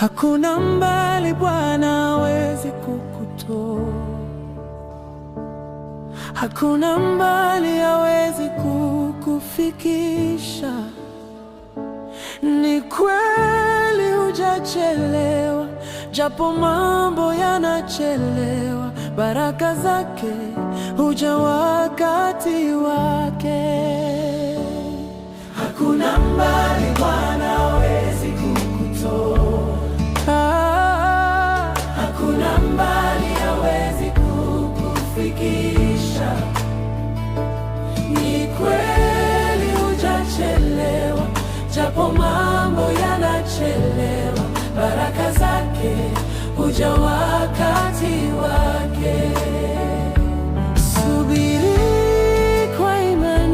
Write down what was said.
Hakuna mbali Bwana hawezi kukutoa, hakuna mbali hawezi kukufikisha. Ni kweli hujachelewa, japo mambo yanachelewa, baraka zake huja wakati Ni kweli mambo yanachelewa, baraka zake wakati Subiri kwa imani